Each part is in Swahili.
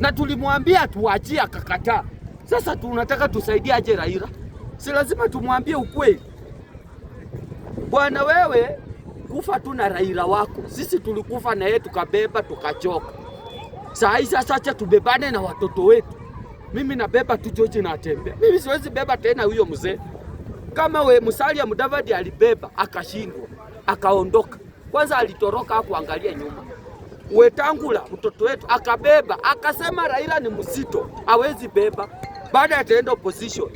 na tulimwambia tuachie, akakataa. Sasa tunataka tusaidie aje Raila, si lazima tumwambie ukweli. Bwana wewe, kufa tu na Raila wako, sisi tulikufa na yeye tukabeba tukachoka. Saa hii sasa, acha tubebane na watoto wetu. Mimi nabeba tu George na atembea, mimi siwezi beba tena huyo mzee. Kama we Musalia Mudavadi alibeba akashindwa, akaondoka, kwanza alitoroka angalia nyuma Wetangula mtoto wetu akabeba, akasema Raila ni mzito, hawezi beba, baada ya ataenda opposition.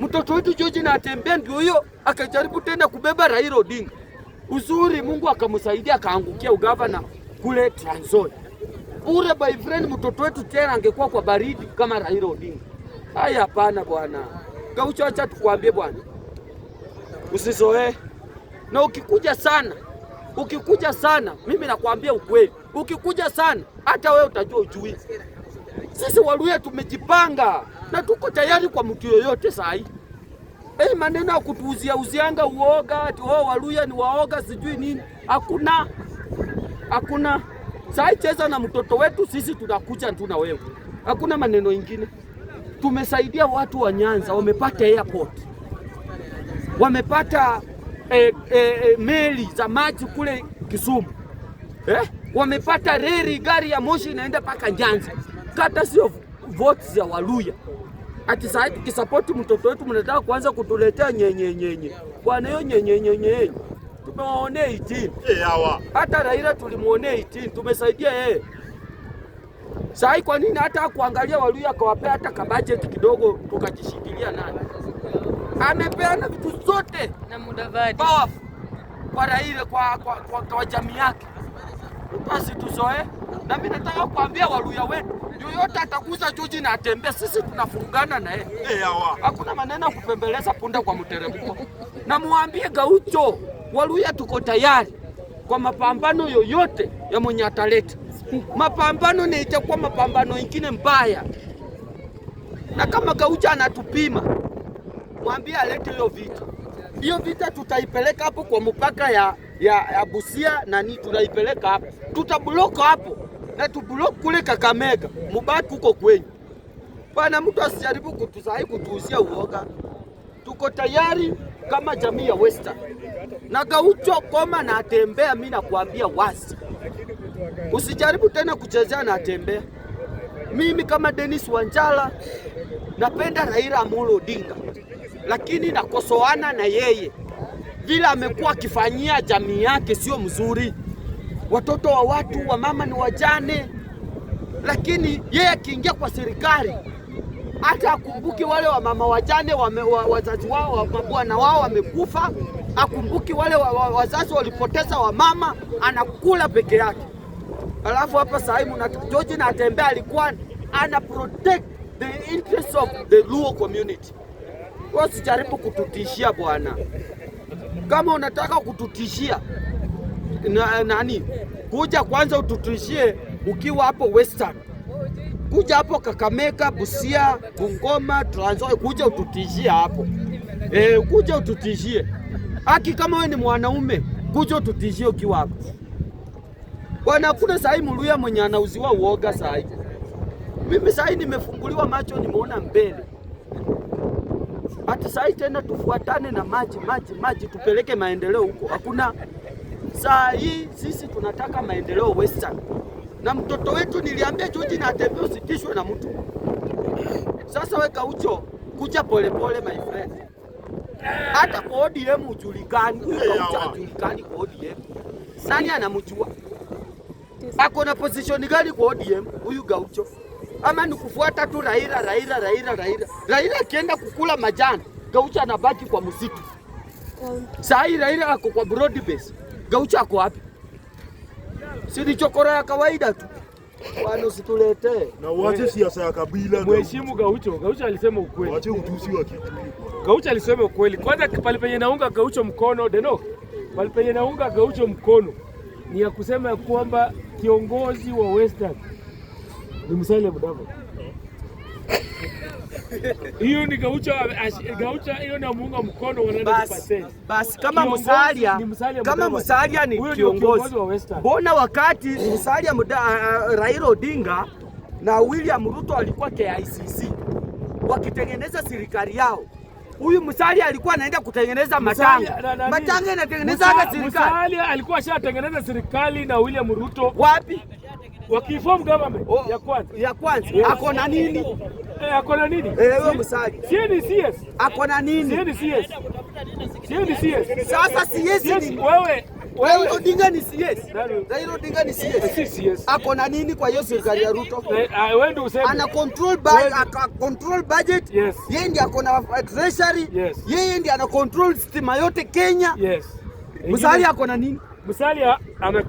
Mtoto wetu George na atembea, ndio huyo akajaribu tena kubeba Raila Odinga. Uzuri Mungu akamsaidia akaangukia ugavana kule Trans Nzoia. Ure by friend, mtoto wetu tena angekuwa kwa baridi kama Raila Odinga. Haya, hapana bwana Gaucho, acha tukwambie bwana, Usizoe. na ukikuja sana, ukikuja sana, mimi nakwambia ukweli Ukikuja sana hata wewe utajua ujui. Sisi Waluya tumejipanga na tuko tayari kwa mtu yoyote saa hii. Hey, maneno ya kutuuzia uzianga uoga ati oh, Waluya ni waoga sijui nini, hakuna hakuna. Saa hii cheza na mtoto wetu, sisi tunakuja tu na wewe, hakuna maneno ingine. Tumesaidia watu wa Nyanza, wamepata airport, wamepata eh, eh, eh meli za maji kule Kisumu eh? wamepata reli, gari ya moshi inaenda mpaka Nyanza, kata sio votes za Waluya. Ati sasa tukisapoti mtoto wetu mnataka kuanza kutuletea nyenye. Bwana, hiyo nyenyenyenye tumewaonea itini eh, hawa. Hata Raila tulimwonea itini, tumesaidia yeye. Saa Sai, kwa nini hata kuangalia Waluya akawapea hata budget kidogo tukajishikilia nani? Amepeana vitu zote na Mudavadi kwa Raila kwa, kwa, kwa, kwa jamii yake basi tuzoe. Na mimi nataka kuambia Waluya wetu, yoyote atakuza choji na atembee, sisi tunafurugana naye, eh, hakuna maneno ya kupembeleza punda kwa mteremko. Na muambie Gaucho Waluya tuko tayari kwa mapambano yoyote ya mwenye ataleta mapambano, ni itakuwa mapambano ingine mbaya. Na kama Gaucho anatupima, mwambie alete hiyo vita. Hiyo vita tutaipeleka hapo kwa mpaka ya ya, ya Busia nani tunaipeleka hapo, tutabloka hapo na tublok kule Kakamega, mubaki huko kwenyu bwana. Mtu asijaribu kutusahi kutuuzia uoga. Tuko tayari kama jamii ya Western na Gaucho koma na atembea. Mimi nakuambia wazi, usijaribu tena kuchezea na atembea. Mimi kama Dennis Wanjala napenda Raila Amolo Odinga, lakini nakosoana na yeye vile amekuwa akifanyia jamii yake sio mzuri. Watoto wa watu wa mama ni wajane, lakini yeye akiingia kwa serikali hata akumbuki wale wa mama wajane wame, wa, wazazi wao mabwana wao wamekufa, akumbuki wale wa, wa, wazazi walipoteza wamama, anakula peke yake. Alafu hapa sasa hivi George Natembeya alikuwa ana protect the interests of the Luo community. Wasijaribu kututishia bwana. Kama unataka kututishia na, nani kuja kwanza ututishie ukiwa hapo Western, kuja hapo Kakamega, Busia, Bungoma, Trans Nzoia, kuja ututishie hapo e, kuja ututishie haki. Kama wewe ni mwanaume, kuja ututishie ukiwa hapo bwana. Kuna sahi mluya mwenye anauziwa uoga sahi. Mimi sahi nimefunguliwa macho, nimeona mbele ati sai tena tufuatane na maji maji maji, tupeleke maendeleo huko, hakuna. Saa hii sisi tunataka maendeleo Western, na mtoto wetu niliambia juzi na atembea usitishwe na mtu. Sasa weka ucho kuja polepole pole, my friend, hata kwa ODM ujulikani, ujulikani kwa ODM, nani anamjua, ako na position gani kwa ODM huyu Gaucho? ama ni kufuata tu Raila, Raila, Raila, Raila. Raila akienda kukula majani, Gaucho anabaki kwa msitu. Saa hii Raila ako kwa broad base, Gaucho ako wapi? Si ni chokora ya kawaida tu. Bwana usitulete. Na uache siasa ya kabila. Mheshimu Gaucho. Gaucho alisema ukweli. Waache utusi wa kitu. Gaucho alisema ukweli. Kwanza pale penye naunga Gaucho mkono, Deno. Pale penye naunga Gaucho mkono ni ya kusema ya kwamba kiongozi wa Western ni msaile mdavo hiyo ni Gaucho, gaucha hiyo na muunga mkono 100%. Basi kama Musalia, kama Musalia ni kiongozi, mbona wakati Musalia muda, uh, Raila Odinga na William Ruto alikuwa KICC wakitengeneza serikali yao, huyu Musalia alikuwa anaenda kutengeneza matanga, matanga inatengeneza serikali. Musalia alikuwa ashatengeneza serikali na William Ruto wapi? wakiform government oh, ya kwanza ya kwanza yes. Ako na nini eh, ako na nini eh, wewe msali sieni CS ako na nini sieni CS sieni CS sasa CS ni wewe wewe Odinga ni CS na hilo Odinga ni CS si ako na nini? Kwa hiyo serikali ya Ruto eh, ah, wewe ndio useme ana control budget, aka control budget yes. Yeye ndiye ako na treasury yes. Yeye ndiye ana control stima yote Kenya yes. Musali ako na nini? Musali ana